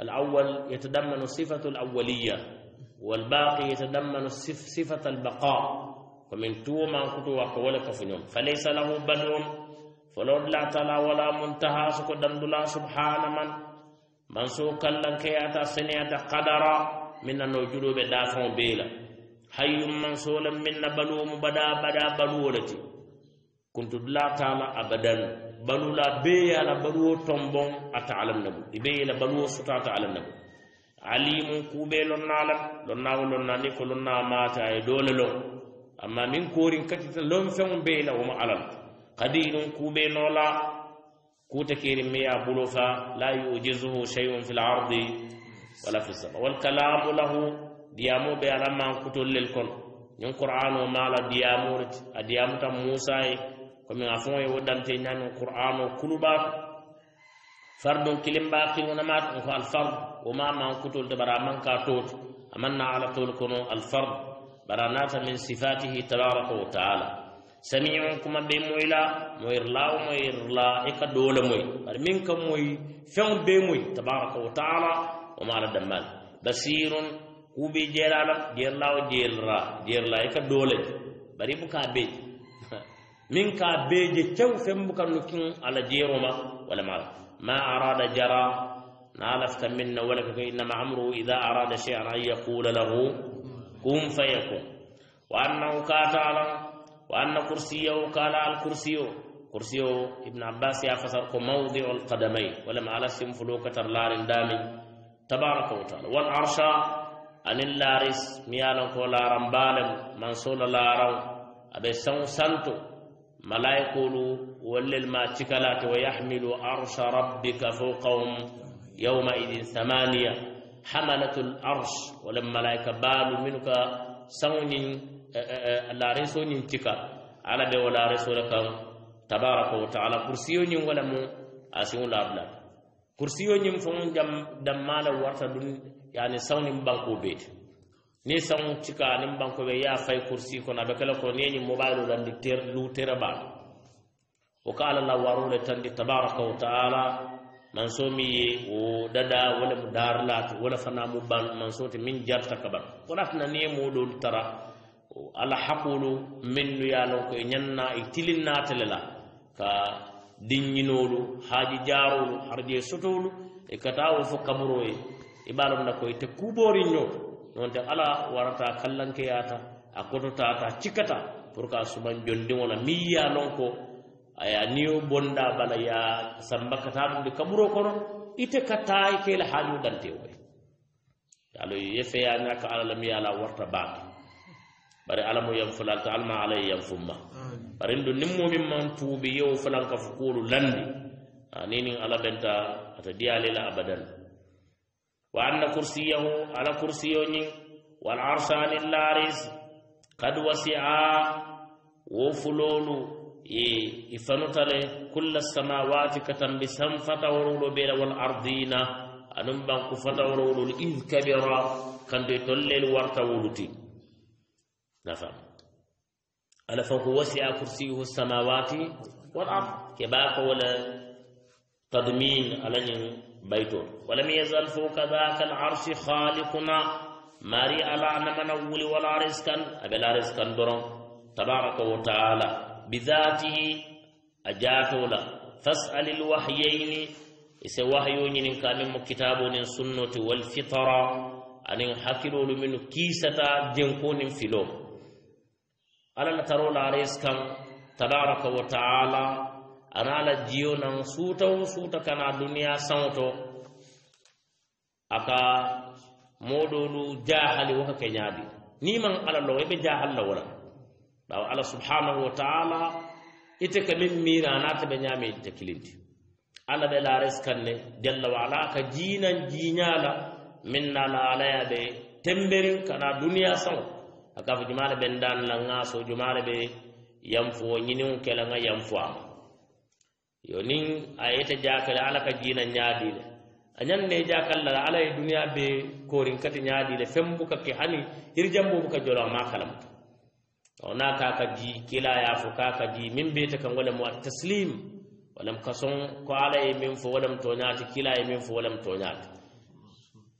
Speaker 1: الأول يتضمن صفة الأولية والباقي يتضمن صفة البقاء ومن تو ما كتو وقولك فنوم فليس له بدو فلون لا تلا ولا منتهى سكو دندلا سبحان من من سو كلن كياتا سنيات قدرا من نوجلو بدافن بيلا حي من سولا من بلو مبدا بدا بلو لتي كنت لا تعالى أبدا بلو لا بيلا بلو تنبون أتعلم نبو إبيلا بلو ستعلم نبو alimun kube lonnala lonnawo lonnani ko lonna mata e dole lon amma min korin kati tan lon feŋ beyla woma alal kadinun kube nola kuta keri miya bulo fa la yujizuhu shayun fi lardi wala fi sama walkalamu lahu diyamo be alam man kutollel kon ñin qur'ano mala diyamoreti a diyamutan musa e komin a foŋ e wo dante ñamin qur'ano kulubato fardun kilim baki wona ma ɗum ko alfard woma mankutol to bara manka toot amanna alatol kono alfard bara nata min sifatihi tabaraka wa taala samiun kuma be moy la moyr law moyr la e ka dole moy bar min kam moy fen be moy tabaraka wa taala wa ma la dambal basirun ku be jeralam jer law jer ra jer la e ka dole bari bu ka be min ka be je cew fen bu kan no kin ala jeroma wala ma ما أراد جرى نالفت منا ولك إنما عمره إذا أراد شيئا أن يقول له كن فيكون وأنه كاتالا وأن كرسيه كالا الكرسي كرسيه ابن عباس يفسرك موضع القدمين ولم على سنفلوك ترلار دامي تبارك وتعالى والعرش أن اللارس ميالك ولا من منصول لارو أبي سنتو ملايكولو ولل ما تكلات ويحمل عرش ربك فوقهم يومئذ ثمانية حملة الأرش ولما ملائكة بال منك سون لا رسون تكا على بي لا رسولك تبارك وتعالى كرسي ولمو أسيون لابلا كرسيوني فون جم دمال ورثة يعني سون بانكو بيت ni san cika nin banko be ya fay kursi ko na be kala ko ni ni mobile dan di ter lu tera ba o kala la waru le tan di tabaraka wa taala man so mi ye o dada wala mu dar la wala fana mu ban man so ti min jarta ka ba ko na na ni mo do tara o ala haqulu min nu ya lon ko nyanna e tilinna telela ka dinnyinolu haaji jaarolu harje sotolu e katawo fo kaburoye e balon na koye te kuuboriñoto wonte ala warata kallankeyata a kototata cikkata pour qua suman jondiŋona miyya non ko aya niyo bonda bala ya sambakata ɗum ɗe kaɓuro kono ite katta kele haaju dante o alo yefeya ŋaka ala lam yala warta baaɓe bari ala mo yam fulalta alma ala e yam fumma bari ndu nimmomin man tuuɓi yewo fulan ka fo kuolu landi anini ala benta ata diyalela abadan وأن كرسيه على كرسيه والعرش على اللارز قد وسع وفلول إفنطل كل السماوات كتن بسم فتورول بير والأرضين أنبان كفتورول إذ كبرا كان تلل ورتولتي نفهم على فوق وسع كرسيه السماوات والأرض كباك ولا تضمين على بيتور ولم يزل فوق ذاك العرش خالقنا ماري على نمنول ولا رزقا أبلا رزقا درون تبارك وتعالى بذاته أجاتو لا فاسأل الوحيين إسي وحيو نين من كتاب سنة والفطرة أن ينحكروا من كيسة دنكون في لوم ألا نترول رزقا تبارك وتعالى ana ala jiyo naŋ suutawo suuta kana duniyaa saŋo to a ka moodoolu jaahali wo ka keñaa di niŋ maŋ ala loŋ i be jaahali la wo la bawo alla subhanahu wa taala ite ka meŋ miira ana ate be ñaami ite kilinti alla be laares kaŋ ne jalla wa ala ka jiinaŋ jiiñaa la meŋ na la ala ye be temberiŋ kana duniyaa saŋo a ka fo jumaa le be ndaani la ŋaa so jumaa le be yanfuwo ñiniŋo ke la ŋa yanfu a ma Yonin niŋ a yete jaakale ala ka jiina ñaadii le a ñaŋ ne jaakal ala ye be korin kati ñaadii le feŋ buka ke hani hirijamboo buka jolo a maa kalamuta o naa ka ji kila ya fu ka ka ji min be kaŋ wo lemu attaslim wo lemu kasoŋ ko ala min fu fo wo lemu kila ye miŋ fo wo lemu tooñaati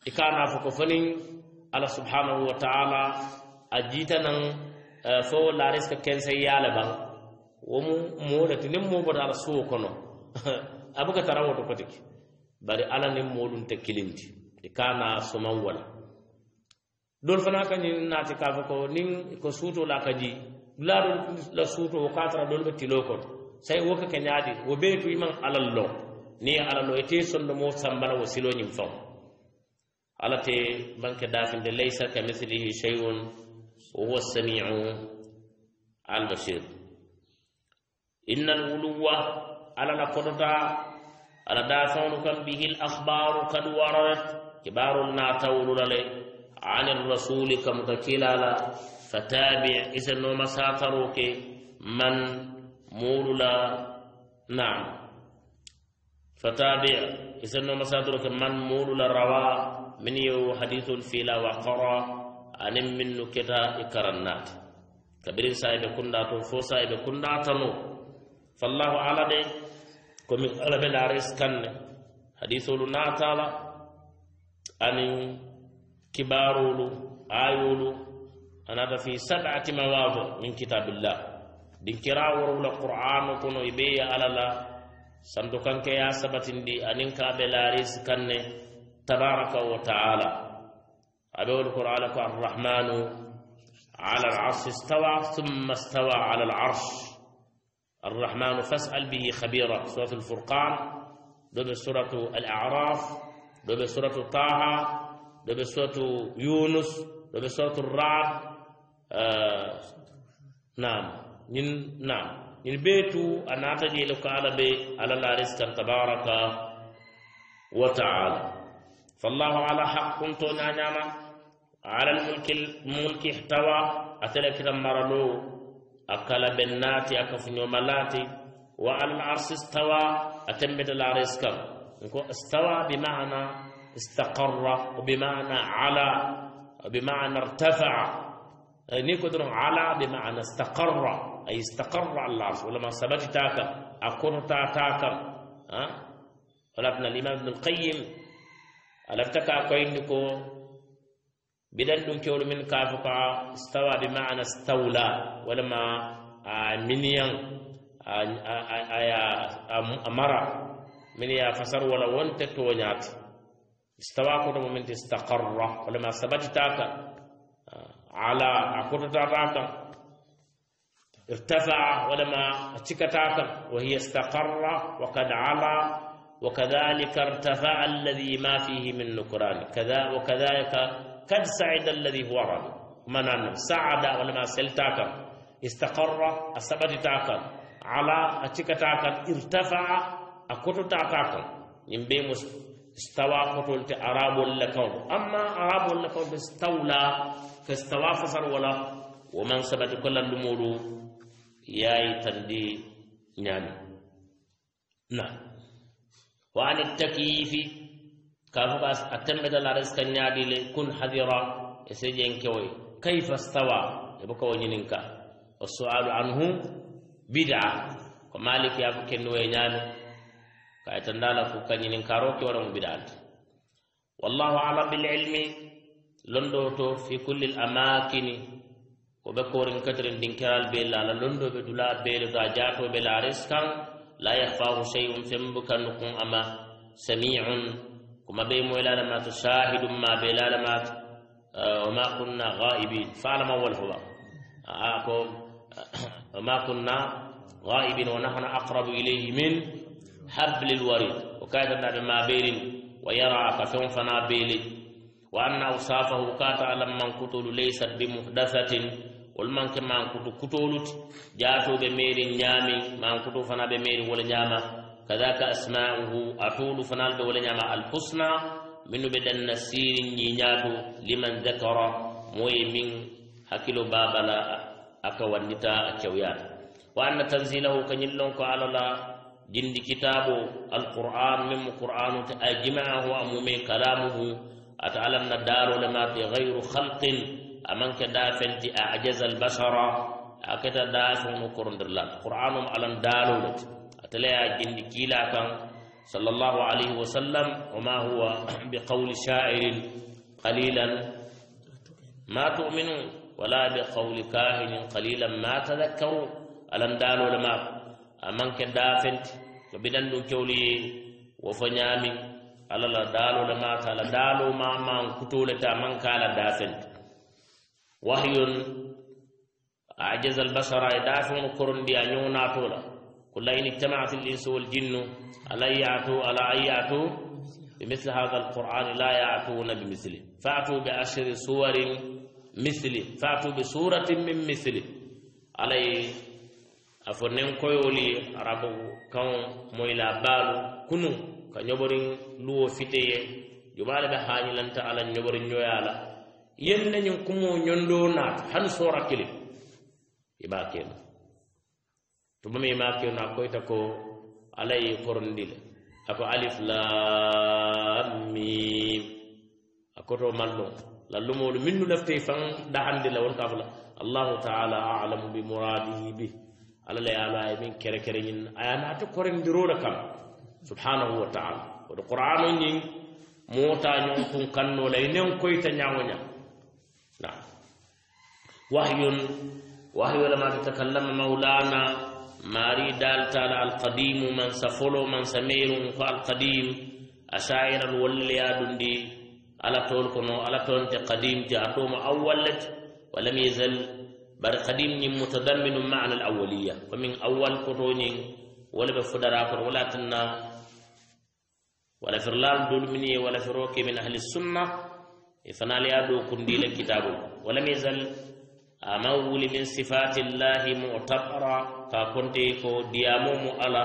Speaker 1: i ka naa ko fani ala subhanahu wa taala a jiita naŋ eh, fo laariska kenseyaa le ba wo mu moo le ti niŋ moo bota ala suo kono a buka tara wo to koti ke bari alla niŋ moo duŋ te kiliŋ ti i ka na somaŋ wo la doolu fanaŋ ka ñiŋ naati ka fo ko niŋ ko suutoo la ka jii laaro la suutoo wo ka tara doolu be tiloo kono sai wo ka ke ñaadi wo bee tu i maŋ alla loŋ niŋ ye alla loŋ ite sondo moo samba la wo siloo ñiŋ faŋo alla te baŋ ke daafinde laysa ka misilihi cheyun wo wo samiu albasiru إن الولوة على نقطة على دافعون كان به الأخبار قد وردت كبار ناتول للي عن الرسول كم على فتابع إذا نوم ساتروك من مول لا نعم فتابع إذا نوم ساتروك من مول لا روا من يو حديث الفيلا وقرا أن من نكتا إكرنات كبير سايب كنداتو فو سايب كنداتنو فالله على دي كم غلب العريس كان حديث لنا تعالى أن كبارولو آيولو أنا في سبعة مواضع من كتاب الله دين كراور ولا قرآن وكون على الله صندوق أنك يا سبتين دي أنين كاب لاريس كنه تبارك وتعالى أبو القرآن الرحمن على العرش استوى ثم استوى على العرش الرحمن فاسأل به خبيرا سورة الفرقان دب سورة الأعراف دب سورة طه دب سورة يونس دب سورة الرعد آه، نعم نعم من بيتو أن أتجي لك على بي على الله رزقا تبارك وتعالى فالله على حق كنت نعم على الملك الملك احتوى أتلك مرلو أكل بناتي أكفني وملاتي وعلى العرس استوى أتمت العرس كم استوى بمعنى استقر وبمعنى على وبمعنى ارتفع نيكو على بمعنى استقر أي استقر على العرس ولما سبت تاكم أكون تاكم ها ولابن الإمام ابن القيم ألفتك أكوينكو بدل كيول من كافقا استوى بمعنى استولى ولما آه، منيان أمر آه، آه، من فسر ولا وانت تونيات استوى كتب من استقر ولما ثبتتاك على أكتتاك ارتفع ولما اتكتاك وهي استقر وقد علا وكذلك ارتفع الذي ما فيه من نكران كذا وكذلك قد سعد الذي هو رب منان سعد ولما سلتاك استقر أثبت تاكل على أتك تاكل ارتفع أكوت تاكل ينبي استوى قتلت أراب لكون أما أراب لكون استولى فاستوى فصر ولا ومن سبت كل الأمور ياي تندي نعم نعم وعن التكييف kafukas a tembedalares ka ñaaɗile kun hadira e seeƴen kewoy kayfa stawa e bo kawo ñininka o sualu anhu bida ko maliki yaako kenni woye ñaami ka e tandala fo ka ñininkaro ke waɗamo bidaante wallahu ala bililmi londo to fi culli l amakini ko ɓe korin katirin dinkiral be lala londo ɓe dula beeleto a jaatoɓe laares kan la yahfahu cheyum fembo kanu kun ama samiun وما بين مولا لما تشاهد ما بلا آه، لما وما كنا غائبين فعلم أول هو آه، آه، وما كنا غائبين ونحن أقرب إليه من حبل الوريد وكاتب ما بين ويرى فسوف فنا بيلي وأن أوصافه كاتا لمن قتل ليست بمحدثة والمن كمان كتل قتلت جاتو بمير نيامي من قتل فنا بمير ولا نيامه كذاك أسماؤه أحول فنال دولنا مع الحسنى من بدا النسير نينياتو لمن ذكر موي من لا بابلا أكوانيتا أكويات وأن تنزيله كنيلون على لا جند كتاب القرآن من القرآن أجمعه أمومي كلامه أتعلمنا الدار لما في غير خلق أمن كدافنت أعجز البشر أكتا دافن قرآن القرآن ألم دارو أتلا جند كيلا كان صلى الله عليه وسلم وما هو بقول شاعر قليلا ما تؤمنون ولا بقول كاهن قليلا ما تذكرون ألم دالوا لما أمن كان دافنت كبدن كولي وفنيامي ألا لا دالوا لما تعالى دالوا ما ما كتولة من كان دافنت وحي أعجز البصر دافن كرن بأنيونا طوله قل إن اجتمعت الإنس والجن على يأتوا على أن يعتوا بمثل هذا القرآن لا يأتون بمثله فأتوا بعشر سور مثله فأتوا بسورة من مثله علي أفنن كويولي عربو كون مويلا بالو كنو كنيبرين لو فتيه جمال بهاني لنت على نيبرين نيوالا ين نين كمو نيندو نات هل سورة كلي يبا tuma mi maa kiyo naa koyita ko ala ye forondi le a ko alif lam mim a koto malloŋ lallumoolu minnu lafita i faŋ dahandi la wonta a fo la allahu taala alamu bi muradihi bi alla la ye ala ye miŋ kere kere ñiŋ a ye naata korendiroo le kaŋ subhanahu wa taala wo to qur'ano ñiŋ moota ñoŋ kuŋ kannoo la e i neŋ koyita ñaŋo ñaŋ naa wahyun wahyu le maata takallama maulana ماري دال تعالى القديم من سفلو من سمير فالقديم أسائر الولي دي على طول كنو على طول قديم تأتوم أولت ولم يزل بر قديم متضمن معنى الأولية فمن أول كروني ولا بفدر آخر ولا تنا ولا فرلال دول مني ولا فروكي من أهل السنة فنالي أدو كندي لكتابه ولم يزل ama wuli min sifatillahi mutabara fa konte ko diyamo mu ala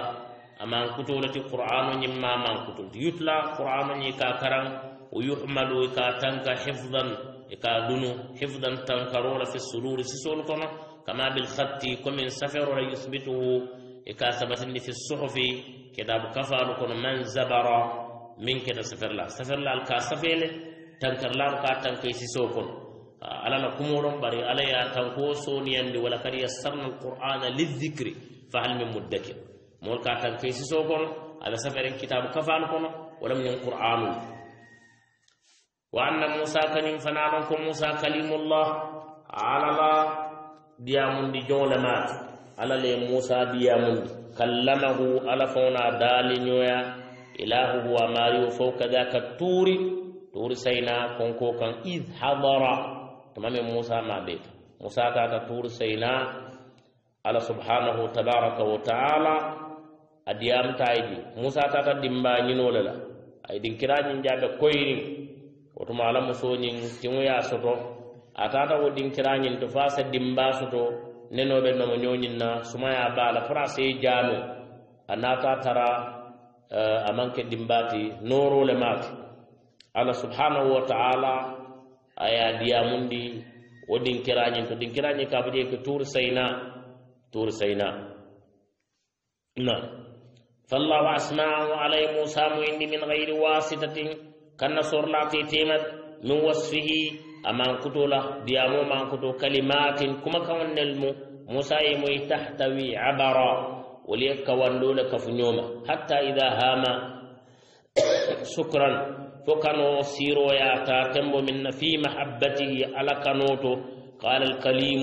Speaker 1: aman kutoloti qur'ano ñimma man kutoloti yutla qur'ano ñi ka karan o yuhmalu ka tanka hifdan e ka dunu hifdan tankarora fi sururi sisolu kono kama bilhatti komin saferora yuhbituhu e ka sabatindi fi sohofi kedabu kafalu kono man zabara min keta saferlal saferlal ka safele tankarlalu ka tanka e sisow kono ala la kumoron bari ala ya tanko soniyandi wala kadi yassarna alqur'ana lidhikri fahal min muddakir mol ka tan kay siso kono ala saferen kitabu kafan kono wala min qur'anu wa anna musa kanim fananon ko musa kalimullah ala la diyamundi jolema ala le musa diyamundi kallamahu ala fawna dali nyoya ilahuhu wa mariu fawka dhaka turi turi sayna konko kan idh hadara ama min musa maɓe musa kata tour seyna alla subhanahu tabaraka wa taala a diyamtayidi musa tata dimbañinole la ay din kirañin jaɓe koyrin wotuma ala musoñin tiŋoya soto a tata wo dinkirañin to fasa dimba soto nenoɓe nomo ñoñin na sumaya bala farasey jame a nata tara uh, a manke dimbati norole mati alla subhanahu wa taala aya diyamundi wo dinkirañin to dinkirañin ka boƴe ko tour sayna tour sayna na fallahu asmahu alay moussa moyindi min gayri wasitatin kanna sorlate temat min wasfihi a mankutola diyamo mankuto kalimatin kuma kawannel mo moussa ye moyi tahtawi abara woliye kawandole kafuñoma hatta ida hama sukran فكانوا سيروا يا تاتمو من في محبته على كانوتو قال الكليم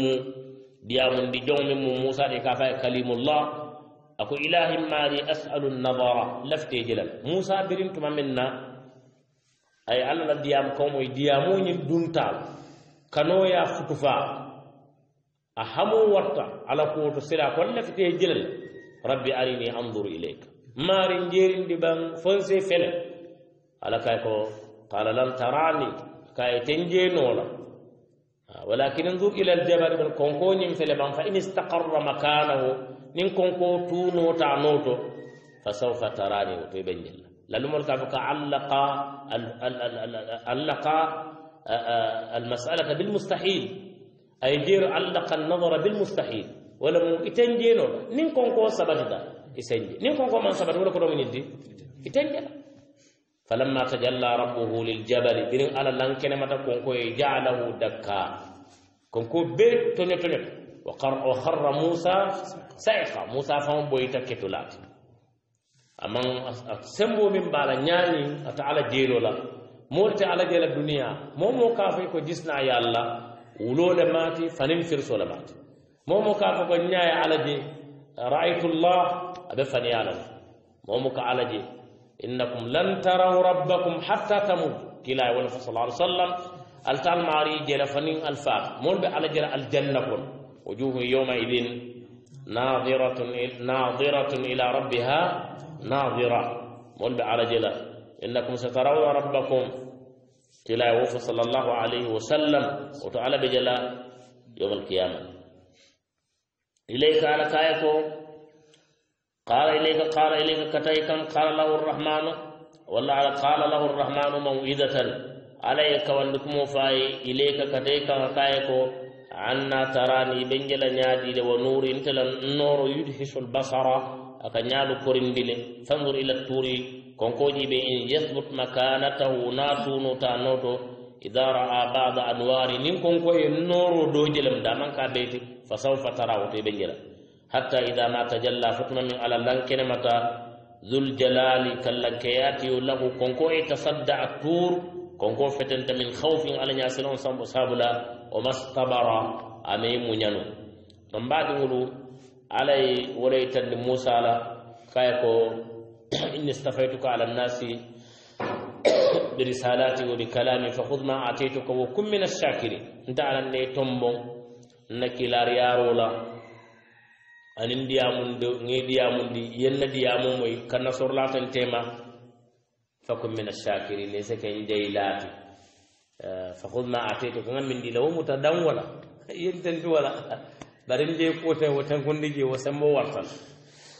Speaker 1: ديام بجوم موسى كفى كليم الله أكو إله ما لي أسأل النظر لفت جلال موسى برنتما منا أي الله ديام كوم ديامون دونتال كانوا يا فتفا أهم ورطة على قوت سلا كل لفتي جلال ربي أريني أنظر إليك ما جيرين دبان فنسي فلن على كايكو قال لن تراني كاي تنجي نولا ولكن انظر الى الجبل من كونكو نيم فلبان فان استقر مكانه نين كونكو تو نوتا نوتو فسوف تراني وتبنجل لالمول كافك علق علق آه، آه، المسألة بالمستحيل أي دير علق النظر بالمستحيل ولم يتنجي يتنجينو نين كونكو سبتدا يسنجي نين كونكو من سبت ولا كرو من يدي يتنجي falamma tajalla rabbuhu liljabal birin ala lankene mata konkoye jaalahu dakka konko be toño toñoto wa harra moussa saiha moussa fama boyita ketulaati aman sembo min mbaala ñaani ata ala jeelo la moolu te ala jeela duniya moo moo kaa fay ko jisna ye alla wuloole maati fanin firso le maati moo mo kaa fa ko ñaaye ala je raaytullah a be faniyaa la mo moo ka ala je إنكم لن تروا ربكم حتى تموتوا كلا ولا صلى الله عليه وسلم التال ماري جل فنين الفاق مول على جل الجنة وجوه يومئذ ناظرة ناظرة إلى ربها ناظرة مول على جل إنكم سترون ربكم كلا وفي صلى الله عليه وسلم وتعالى بجل يوم القيامة إليك على كايكم قال إليك قال إليك كتيكا قال له الرحمن والله على قال له الرحمن موئدة عليك وانك موفاي إليك كتيكا كايكو عنا تراني بنجل نادي ونور انت النور يدهش البصر كورين كورندل فانظر إلى الطور كونكوجي بإن يثبت مكانته نوتا نوتو إذا رأى بعض أنوار نمكن كوي النور دوجلم دامن كابيتي فسوف تراه تبنجلم حتى إذا ما تجلى فتنا من على لنكن متى ذو الجلال كاللنكيات له كونكو تصدع الطور كونكو فتنت من خوف على ناسلون سابلا وما استبر أمي منينو من بعد نقولوا علي وليت لموسى على كايكو إني استفيتك على الناس برسالاتي وبكلامي فخذ ما أعطيتك وكن من الشاكرين أنت على أني تنبو نكي لا ريارولا anin ndiyamum de ŋe ndiyamum ndi yenna ndiyamum moy kanna sorlaten tema fako mina shakirin ese ken jeylaati eh, fakhud ma atayta ko ngamin dila wo muta dan wala yen ten ti wala bari nde ko te wo tan ko ndije wo sembo wartan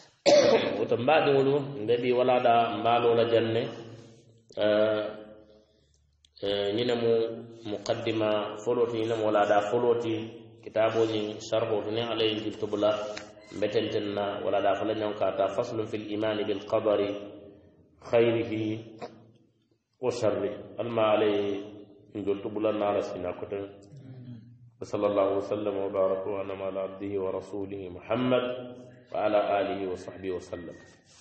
Speaker 1: wo to mbaade wono nde bi wala da mbalo la janne eh, eh, ñina mu muqaddima foloti ñina mu wala da foloti kitabo ni sharbo ni alayhi tibla متنتنا ولا لا فلن فصل في الإيمان بالقدر خيره وشره الما عليه إن قلت بلا نار سناكتن وصلى الله وسلم وبارك على عبده ورسوله محمد وعلى آله وصحبه وسلم